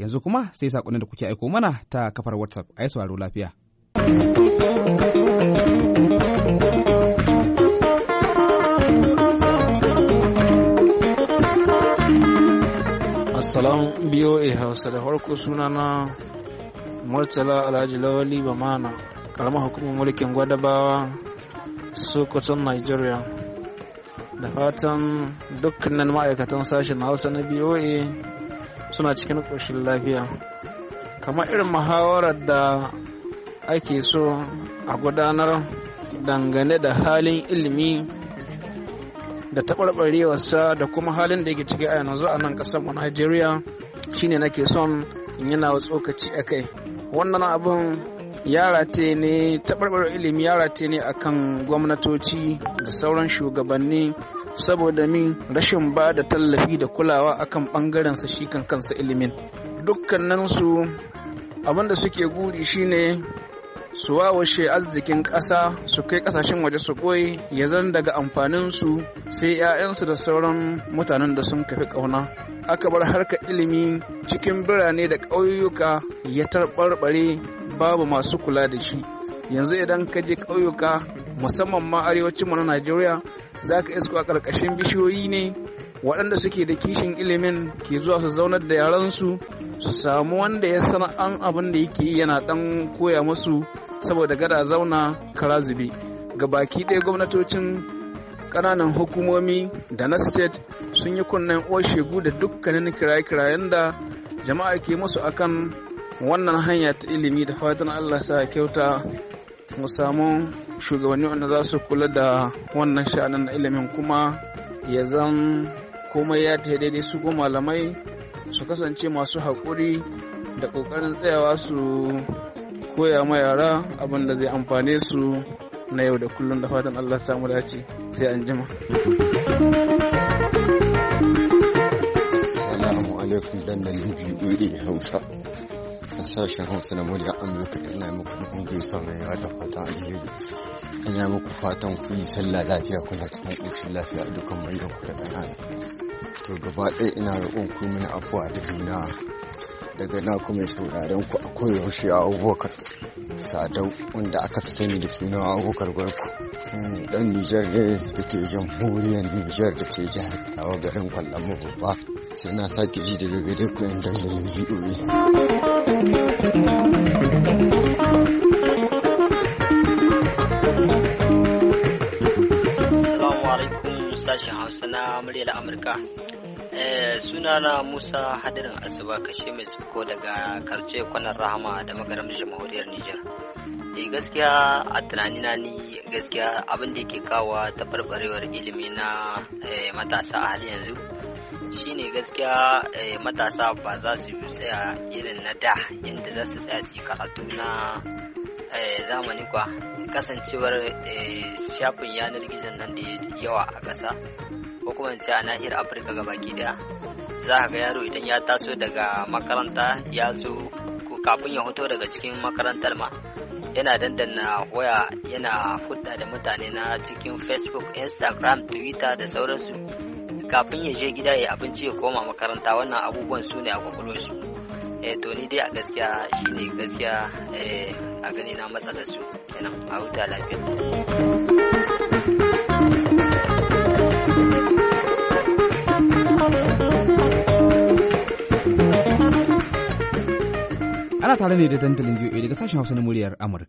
Yanzu kuma sai saƙonin da kuke aiko mana ta kafar WhatsApp, a ai sauraro lafiya. Assalamu a Hausa da farko sunana Murtala Alhaji Lawali Mana karamar hukumar mulkin Gwadabawa, Sokoton Nigeria. Da fatan dukkanin ma'aikatan sashen Hausa na BOA suna cikin ƙoshin lafiya kamar irin muhawarar da ake so a gudanar dangane da halin ilimi da taɓarɓarewarsa da kuma halin da yake ciki a yanzu a nan ƙasar mu Najeriya shine nake son in yana tsokaci a kai wannan abin yara te ne taɓarɓarar ilimi yara te ne akan gwamnatoci da sauran shugabanni saboda min rashin ba da tallafi da kulawa akan bangaren sa shi kan kansa ilimin abin abinda suke guri shine su wawashe arzikin ƙasa su kai ƙasashen waje su koyi ya zan daga su sai 'ya'yansu da sauran mutanen da sun kafi ƙauna aka bar harka ilimi cikin birane da ƙauyuka ya tarɓarɓare babu masu kula da shi yanzu idan ka je ƙauyuka musamman ma arewacin mu na najeriya za ka isko a ƙarƙashin bishiyoyi ne waɗanda suke da kishin ilimin ke zuwa su zaunar da yaransu su samu wanda ya san an abin da yake yi yana ɗan koya musu saboda gada zauna kara zube ga baki ɗaya gwamnatocin ƙananan hukumomi da na state sun yi kunnen oshegu da dukkanin kiraye-kirayen da jama'a ke musu akan wannan hanya ta ilimi da fatan allah sa kyauta mu samu shugabanni wanda za su kula da wannan sha'anin na ilimin kuma ya zan komai ya ta daidai su goma malamai su kasance masu haƙuri da ƙoƙarin tsayawa su koya ma yara abin da zai amfane su na yau da kullum da fatan Allah samu dace sai an jima. Salamu alaikum dandalin biyu Hausa. sashen hausa na murya amurka ina muku dukkan gaisuwa mai yawa da fatan alheri ina muku fatan ku yi sallah lafiya kuna cikin ƙoshin lafiya a dukkan manyan ku da ƙanana to gaba ɗaya ina roƙon ku mini afuwa da juna daga na kuma sauraron ku a koyaushe a abubakar sadau wanda aka fi sani da suna abubakar gwarku dan hmm, nijar ne da ke jamhuriyar nijar da ke jihar tawa garin kwallon babba sai na sake ji daga gare ku yan dandalin bi'o'i sashen hausa na muryar amurka eh, sunana musa hadirin asuba kashe mai suko daga karce kwanan rahama da magaram jamhuriyar nijar e gaskiya a tunanina ni gaskiya abin da ke kawo taɓarɓarewar ilimi na eh, matasa a hali yanzu shine gaskiya matasa ba za su tsaya irin na da inda za su tsaya su karatu na eh, zamani kwa kasancewar eh, shafin yanar gizon nan da yawa a ƙasa ko kuma ce a nahiyar afirka gaba daya za ka ga yaro idan ya taso daga makaranta ya zo kafin ya hoto daga cikin makarantar ma yana dandana waya yana hudda da mutane na cikin facebook instagram twitter da sauransu kafin ya je gida ya abinci ya koma makaranta wannan abubuwan su ne a kwakwalwarsu eh to ni dai a gaskiya shine gaskiya eh a gani na matsalar su kenan a huta lafiya ana tare ne da dandalin biyu daga sashen hausa na muryar amurka